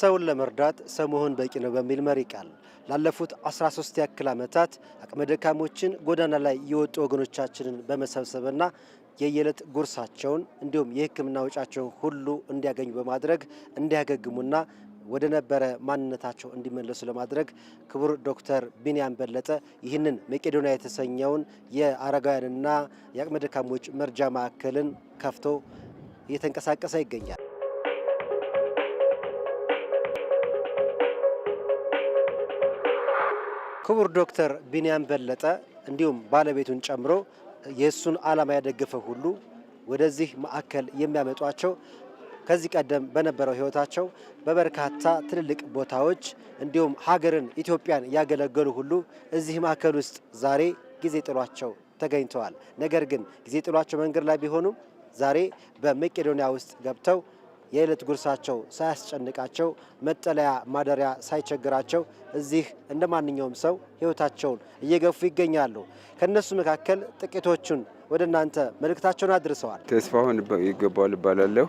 ሰውን ለመርዳት ሰው መሆን በቂ ነው በሚል መሪ ቃል ላለፉት 13 ያክል ዓመታት አቅመ ደካሞችን ጎዳና ላይ የወጡ ወገኖቻችንን በመሰብሰብና የየዕለት ጉርሳቸውን እንዲሁም የሕክምና ወጫቸውን ሁሉ እንዲያገኙ በማድረግ እንዲያገግሙና ወደ ነበረ ማንነታቸው እንዲመለሱ ለማድረግ ክቡር ዶክተር ቢንያም በለጠ ይህንን መቄዶንያ የተሰኘውን የአረጋውያንና የአቅመ ደካሞች መርጃ ማዕከልን ከፍቶ እየተንቀሳቀሰ ይገኛል። ክቡር ዶክተር ቢንያም በለጠ እንዲሁም ባለቤቱን ጨምሮ የእሱን ዓላማ ያደገፈ ሁሉ ወደዚህ ማዕከል የሚያመጧቸው ከዚህ ቀደም በነበረው ህይወታቸው በበርካታ ትልልቅ ቦታዎች እንዲሁም ሀገርን ኢትዮጵያን ያገለገሉ ሁሉ እዚህ ማዕከል ውስጥ ዛሬ ጊዜ ጥሏቸው ተገኝተዋል። ነገር ግን ጊዜ ጥሏቸው መንገድ ላይ ቢሆኑም ዛሬ በመቄዶንያ ውስጥ ገብተው የዕለት ጉርሳቸው ሳያስጨንቃቸው መጠለያ ማደሪያ ሳይቸግራቸው እዚህ እንደ ማንኛውም ሰው ህይወታቸውን እየገፉ ይገኛሉ። ከእነሱ መካከል ጥቂቶቹን ወደ እናንተ መልእክታቸውን አድርሰዋል። ተስፋሁን ይገባዋል እባላለሁ።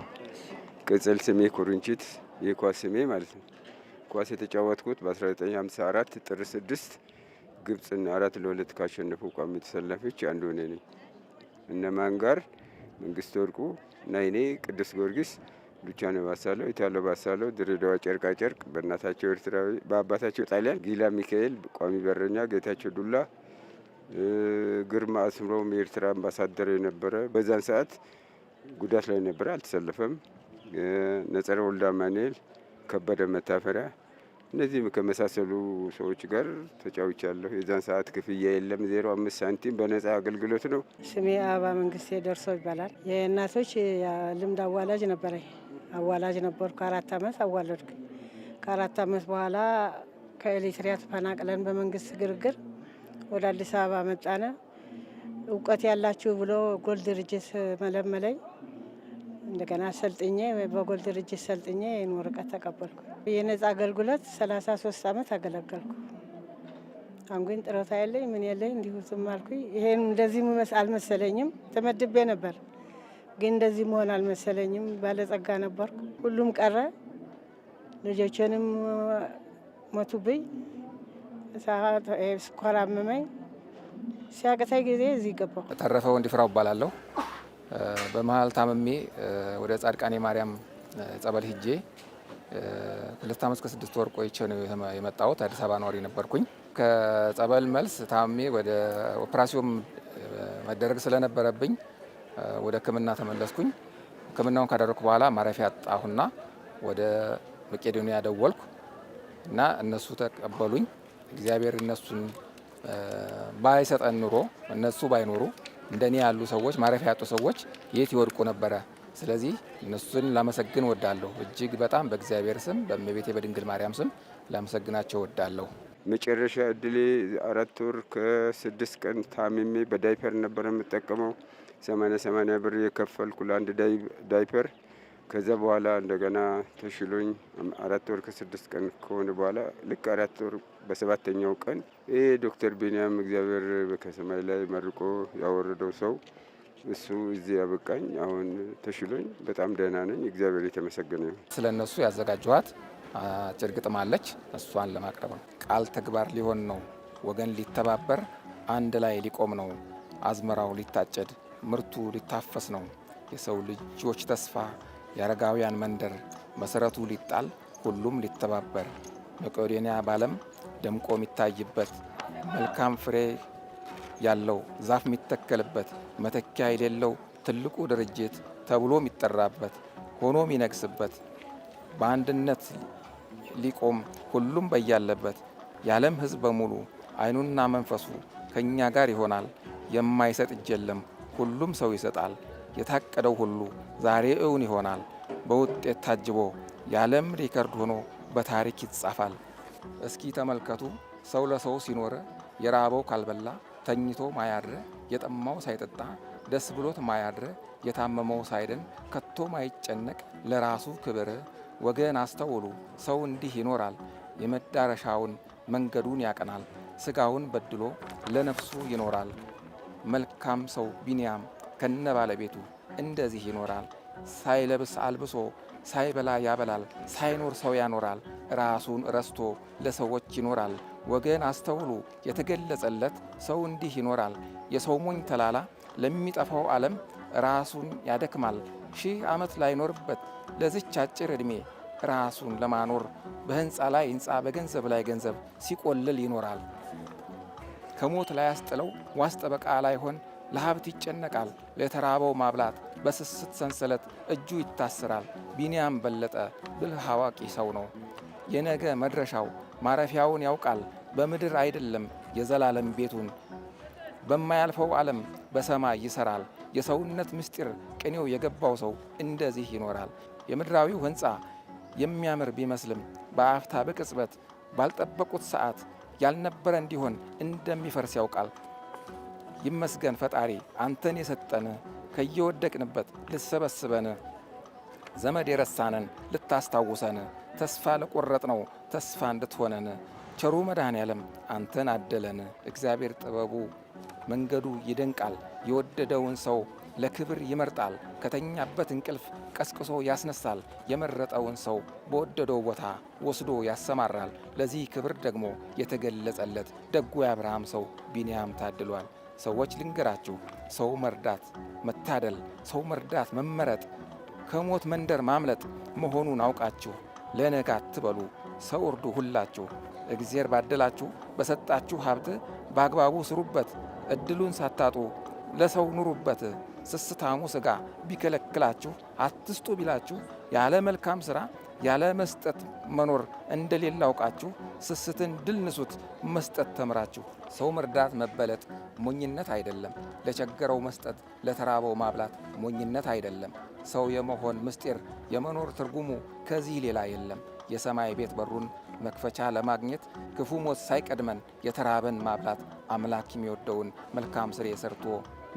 ቅጽል ስሜ ኩርንችት፣ የኳስ ስሜ ማለት ነው። ኳስ የተጫወትኩት በ1954 ጥር 6 ግብፅን አራት ለሁለት ካሸነፉ ቋሚ ተሰላፊዎች አንዱ ነኝ። እነማን ጋር? መንግስት ወርቁ ናይኔ፣ ቅዱስ ጊዮርጊስ ዱቻን ባሳለው፣ ኢታሎ ባሳለው፣ ድሬዳዋ ጨርቃ ጨርቅ፣ በእናታቸው ኤርትራዊ፣ በአባታቸው ጣሊያን፣ ጊላ ሚካኤል፣ ቋሚ በረኛ፣ ጌታቸው ዱላ፣ ግርማ አስምሮም የኤርትራ አምባሳደር የነበረ በዛን ሰዓት ጉዳት ላይ ነበረ፣ አልተሰለፈም። ነጸረ ወልዳ ማንኤል፣ ከበደ መታፈሪያ እነዚህም ከመሳሰሉ ሰዎች ጋር ተጫውቻለሁ። የዛን ሰዓት ክፍያ የለም፣ ዜሮ አምስት ሳንቲም በነፃ አገልግሎት ነው። ስሜ አበባ መንግስቴ ደርሶ ይባላል። የእናቶች ልምድ አዋላጅ ነበረኝ። አዋላጅ ነበርኩ። ከአራት ዓመት አዋለድኩ። ከአራት አመት በኋላ ከኤሌትሪያ ተፈናቅለን በመንግስት ግርግር ወደ አዲስ አበባ መጣነ። እውቀት ያላችሁ ብሎ ጎል ድርጅት መለመለኝ። እንደገና ሰልጥኜ በጎል ድርጅት ሰልጥኜ ይህን ወረቀት ተቀበልኩ። የነጻ አገልግሎት 33 ዓመት አገለገልኩ። አንጉኝ ጥሮታ የለኝ ምን የለኝ እንዲሁ ዝም አልኩኝ። ይሄን እንደዚህ አልመሰለኝም። ተመድቤ ነበር ግን እንደዚህ መሆን አልመሰለኝም። ባለጸጋ ነበርኩ፣ ሁሉም ቀረ። ልጆችንም ሞቱብኝ። ስኳር አመመኝ። ሲያቅተኝ ጊዜ እዚህ ገባሁ። ተረፈው እንዲፍራው እባላለሁ። በመሀል ታመሜ ወደ ጻድቃኔ ማርያም ጸበል ሂጄ ሁለት አመት ከስድስት ወር ቆይቼ ነው የመጣሁት። አዲስ አበባ ነዋሪ ነበርኩኝ። ከጸበል መልስ ታመሜ ወደ ኦፕራሲዮን መደረግ ስለነበረብኝ ወደ ሕክምና ተመለስኩኝ። ሕክምናውን ካደረኩ በኋላ ማረፊያ አጣሁና ወደ መቄዶንያ ደወልኩ እና እነሱ ተቀበሉኝ። እግዚአብሔር እነሱን ባይሰጠን ኑሮ እነሱ ባይኖሩ እንደኔ ያሉ ሰዎች ማረፊያ ያጡ ሰዎች የት ይወድቁ ነበረ? ስለዚህ እነሱን ላመሰግን ወዳለሁ። እጅግ በጣም በእግዚአብሔር ስም በእመቤቴ በድንግል ማርያም ስም ላመሰግናቸው ወዳለሁ። መጨረሻ እድሌ አራት ወር ከስድስት ቀን ታምሜ በዳይፐር ነበር የምጠቀመው። ሰማንያ ሰማንያ ብር የከፈልኩ ለአንድ ዳይፐር። ከዛ በኋላ እንደገና ተሽሎኝ አራት ወር ከስድስት ቀን ከሆነ በኋላ ልክ አራት ወር በሰባተኛው ቀን ይህ ዶክተር ቢንያም እግዚአብሔር ከሰማይ ላይ መርቆ ያወረደው ሰው እሱ እዚህ ያበቃኝ። አሁን ተሽሎኝ በጣም ደህና ነኝ። እግዚአብሔር የተመሰገነ ይሁን። ስለ እነሱ ያዘጋጀኋት አጭር ግጥም አለች። እሷን ለማቅረብ ነው። ቃል ተግባር ሊሆን ነው፣ ወገን ሊተባበር፣ አንድ ላይ ሊቆም ነው፣ አዝመራው ሊታጨድ ምርቱ ሊታፈስ ነው። የሰው ልጆች ተስፋ፣ የአረጋውያን መንደር መሰረቱ ሊጣል፣ ሁሉም ሊተባበር፣ መቄዶንያ በዓለም ደምቆ የሚታይበት መልካም ፍሬ ያለው ዛፍ የሚተከልበት መተኪያ የሌለው ትልቁ ድርጅት ተብሎ የሚጠራበት ሆኖ የሚነግስበት በአንድነት ሊቆም ሁሉም በያለበት የዓለም ሕዝብ በሙሉ አይኑና መንፈሱ ከእኛ ጋር ይሆናል። የማይሰጥ እጅ የለም። ሁሉም ሰው ይሰጣል። የታቀደው ሁሉ ዛሬ እውን ይሆናል። በውጤት ታጅቦ የዓለም ሪከርድ ሆኖ በታሪክ ይጻፋል። እስኪ ተመልከቱ ሰው ለሰው ሲኖረ የራበው ካልበላ ተኝቶ ማያድረ የጠማው ሳይጠጣ ደስ ብሎት ማያድረ የታመመው ሳይድን ከቶ ማይጨነቅ ለራሱ ክብር። ወገን አስተውሉ ሰው እንዲህ ይኖራል። የመዳረሻውን መንገዱን ያቀናል። ስጋውን በድሎ ለነፍሱ ይኖራል። መልካም ሰው ቢንያም ከነ ባለቤቱ እንደዚህ ይኖራል። ሳይለብስ አልብሶ ሳይበላ ያበላል፣ ሳይኖር ሰው ያኖራል። ራሱን ረስቶ ለሰዎች ይኖራል። ወገን አስተውሉ የተገለጸለት ሰው እንዲህ ይኖራል። የሰው ሞኝ ተላላ ለሚጠፋው ዓለም ራሱን ያደክማል። ሺህ ዓመት ላይኖርበት ለዝች አጭር ዕድሜ ራሱን ለማኖር በሕንፃ ላይ ሕንፃ በገንዘብ ላይ ገንዘብ ሲቆልል ይኖራል። ከሞት ላያስጥለው ዋስ ጠበቃ ላይሆን ለሀብት ይጨነቃል። ለተራበው ማብላት በስስት ሰንሰለት እጁ ይታስራል። ቢንያም በለጠ ብልህ አዋቂ ሰው ነው። የነገ መድረሻው ማረፊያውን ያውቃል። በምድር አይደለም የዘላለም ቤቱን በማያልፈው ዓለም በሰማይ ይሰራል። የሰውነት ምስጢር ቅኔው የገባው ሰው እንደዚህ ይኖራል። የምድራዊው ሕንፃ የሚያምር ቢመስልም በአፍታ በቅጽበት ባልጠበቁት ሰዓት ያልነበረ እንዲሆን እንደሚፈርስ ያውቃል። ይመስገን ፈጣሪ አንተን የሰጠን ከየወደቅንበት ልሰበስበን ዘመድ የረሳንን ልታስታውሰን ተስፋ ለቆረጥ ነው ተስፋ እንድትሆነን ቸሩ መድኃኔ ዓለም አንተን አደለን። እግዚአብሔር ጥበቡ መንገዱ ይደንቃል። የወደደውን ሰው ለክብር ይመርጣል። ከተኛበት እንቅልፍ ቀስቅሶ ያስነሳል። የመረጠውን ሰው በወደደው ቦታ ወስዶ ያሰማራል። ለዚህ ክብር ደግሞ የተገለጸለት ደጉ የአብርሃም ሰው ቢንያም ታድሏል። ሰዎች ልንገራችሁ፣ ሰው መርዳት መታደል፣ ሰው መርዳት መመረጥ፣ ከሞት መንደር ማምለጥ መሆኑን አውቃችሁ ለነገ አትበሉ፣ ሰው እርዱ ሁላችሁ። እግዚአብሔር ባደላችሁ በሰጣችሁ ሀብት በአግባቡ ስሩበት፣ እድሉን ሳታጡ ለሰው ኑሩበት። ስስታሙ ስጋ ቢከለክላችሁ አትስጡ ቢላችሁ ያለ መልካም ስራ ያለ መስጠት መኖር እንደሌለ አውቃችሁ ስስትን ድል ንሱት መስጠት ተምራችሁ። ሰው መርዳት መበለጥ ሞኝነት አይደለም። ለቸገረው መስጠት፣ ለተራበው ማብላት ሞኝነት አይደለም። ሰው የመሆን ምስጢር የመኖር ትርጉሙ ከዚህ ሌላ የለም። የሰማይ ቤት በሩን መክፈቻ ለማግኘት ክፉ ሞት ሳይቀድመን የተራበን ማብላት አምላክ የሚወደውን መልካም ስሬ ሰርቶ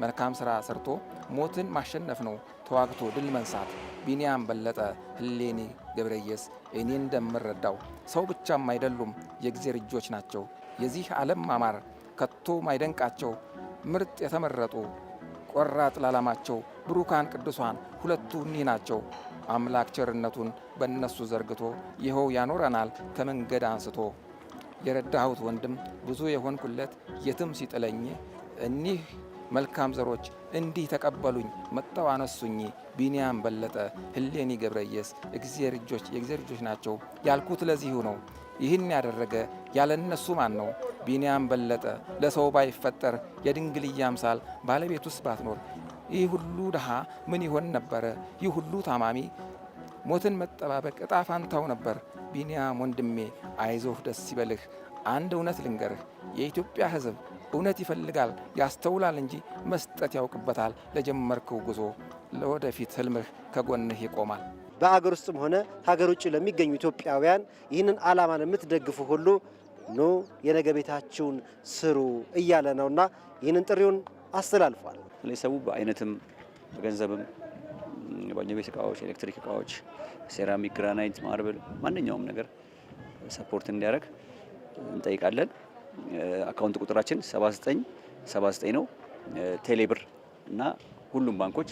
መልካም ስራ ሰርቶ ሞትን ማሸነፍ ነው ተዋግቶ ድል መንሳት። ቢንያም በለጠ፣ ህሌኔ ገብረየስ እኔ እንደምረዳው ሰው ብቻም አይደሉም የእግዜር እጆች ናቸው። የዚህ ዓለም ማማር ከቶ ማይደንቃቸው ምርጥ የተመረጡ ቆራጥ ላላማቸው ብሩካን ቅዱሷን ሁለቱ እኒህ ናቸው። አምላክ ቸርነቱን በእነሱ ዘርግቶ ይኸው ያኖረናል ከመንገድ አንስቶ። የረዳሁት ወንድም ብዙ የሆንኩለት የትም ሲጥለኝ እኒህ መልካም ዘሮች እንዲህ ተቀበሉኝ፣ መጥተው አነሱኝ። ቢንያም በለጠ፣ ህሌኒ ገብረየስ እግዚአብሔር እጆች የእግዚአብሔር እጆች ናቸው ያልኩት ለዚሁ ነው። ይህን ያደረገ ያለ እነሱ ማን ነው? ቢንያም በለጠ ለሰው ባይፈጠር የድንግልዬ አምሳል ባለቤት ውስጥ ባትኖር ይህ ሁሉ ድሃ ምን ይሆን ነበረ? ይህ ሁሉ ታማሚ ሞትን መጠባበቅ እጣ ፋንታው ነበር። ቢንያም ወንድሜ አይዞህ፣ ደስ ይበልህ። አንድ እውነት ልንገርህ፣ የኢትዮጵያ ሕዝብ እውነት ይፈልጋል፣ ያስተውላል እንጂ መስጠት ያውቅበታል። ለጀመርከው ጉዞ ለወደፊት ህልምህ ከጎንህ ይቆማል። በአገር ውስጥም ሆነ ሀገር ውጭ ለሚገኙ ኢትዮጵያውያን ይህንን ዓላማን የምትደግፉ ሁሉ ኑ የነገ ቤታችሁን ስሩ እያለ ነውና ይህንን ጥሪውን አስተላልፏል። ሰው በአይነትም በገንዘብም የባኞ ቤት እቃዎች፣ ኤሌክትሪክ እቃዎች፣ ሴራሚክ፣ ግራናይት፣ ማርብል ማንኛውም ነገር ሰፖርት እንዲያደርግ እንጠይቃለን። አካውንት ቁጥራችን 7979 ነው። ቴሌብር እና ሁሉም ባንኮች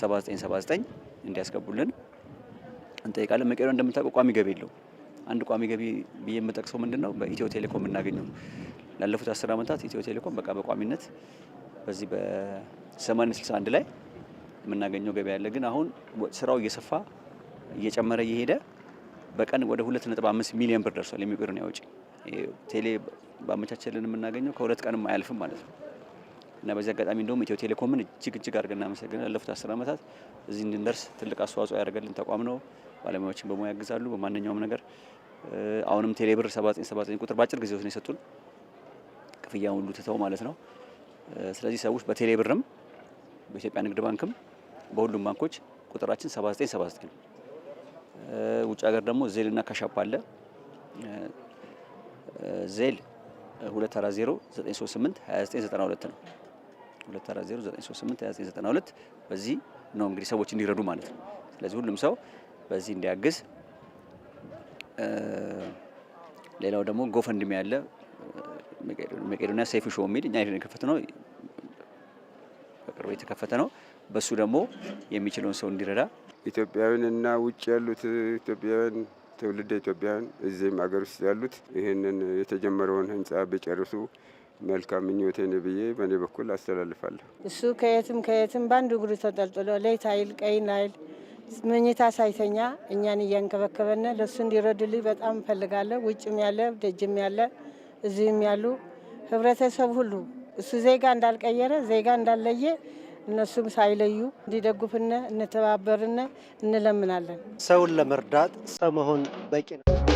7979 እንዲያስገቡልን እንጠይቃለን። መቄዶንያ እንደምታውቀው ቋሚ ገቢ የለው። አንድ ቋሚ ገቢ ብዬ የምጠቅሰው ምንድን ነው በኢትዮ ቴሌኮም እናገኘው። ላለፉት አስር ዓመታት ኢትዮ ቴሌኮም በቃ በቋሚነት በዚህ በ 8061 ላይ የምናገኘው ገቢ ያለ ግን አሁን ስራው እየሰፋ እየጨመረ እየሄደ በቀን ወደ 2.5 ሚሊዮን ብር ደርሷል። የሚቀሩን ወጪ ቴሌ በአመቻቸልን የምናገኘው ከሁለት ቀንም አያልፍም ማለት ነው እና በዚህ አጋጣሚ እንደውም ኢትዮ ቴሌኮምን እጅግ እጅግ አድርገን እናመሰግናል። ላለፉት አስር ዓመታት እዚህ እንድንደርስ ትልቅ አስተዋጽኦ ያደርገልን ተቋም ነው። ባለሙያዎችን በሙያ ያግዛሉ በማንኛውም ነገር። አሁንም ቴሌብር 7979 ቁጥር በአጭር ጊዜ ውስጥ ነው የሰጡን ክፍያ ሁሉ ትተው ማለት ነው። ስለዚህ ሰዎች በቴሌብርም በኢትዮጵያ ንግድ ባንክም በሁሉም ባንኮች ቁጥራችን 7979 ነው። ውጭ ሀገር ደግሞ ዜል እና ካሻፕ አለ ዜል 240938292 ነው። 240938292 በዚህ ነው እንግዲህ ሰዎች እንዲረዱ ማለት ነው። ስለዚህ ሁሉም ሰው በዚህ እንዲያግዝ። ሌላው ደግሞ ጎፈንድሚ ያለ መቄዶኒያ ሰይፉ ሾው የሚል እኛ የከፈት ነው በቅርቡ የተከፈተ ነው። በሱ ደግሞ የሚችለውን ሰው እንዲረዳ ኢትዮጵያውያንና ውጭ ያሉት ኢትዮጵያውያን ትውልደ ኢትዮጵያን እዚህም አገር ውስጥ ያሉት ይህንን የተጀመረውን ህንፃ ቢጨርሱ መልካም ምኞቴን ብዬ በእኔ በኩል አስተላልፋለሁ። እሱ ከየትም ከየትም በአንድ እግሩ ተጠልጥሎ ሌት አይል ቀይን አይል መኝታ ሳይተኛ እኛን እያንከበከበነ ለእሱ እንዲረዱልኝ በጣም እፈልጋለሁ። ውጭም ያለ ደጅም ያለ እዚህም ያሉ ህብረተሰብ ሁሉ እሱ ዜጋ እንዳልቀየረ ዜጋ እንዳለየ እነሱም ሳይለዩ እንዲደጉፍነ እንተባበርነ እንለምናለን። ሰውን ለመርዳት ሰው መሆን በቂ ነው።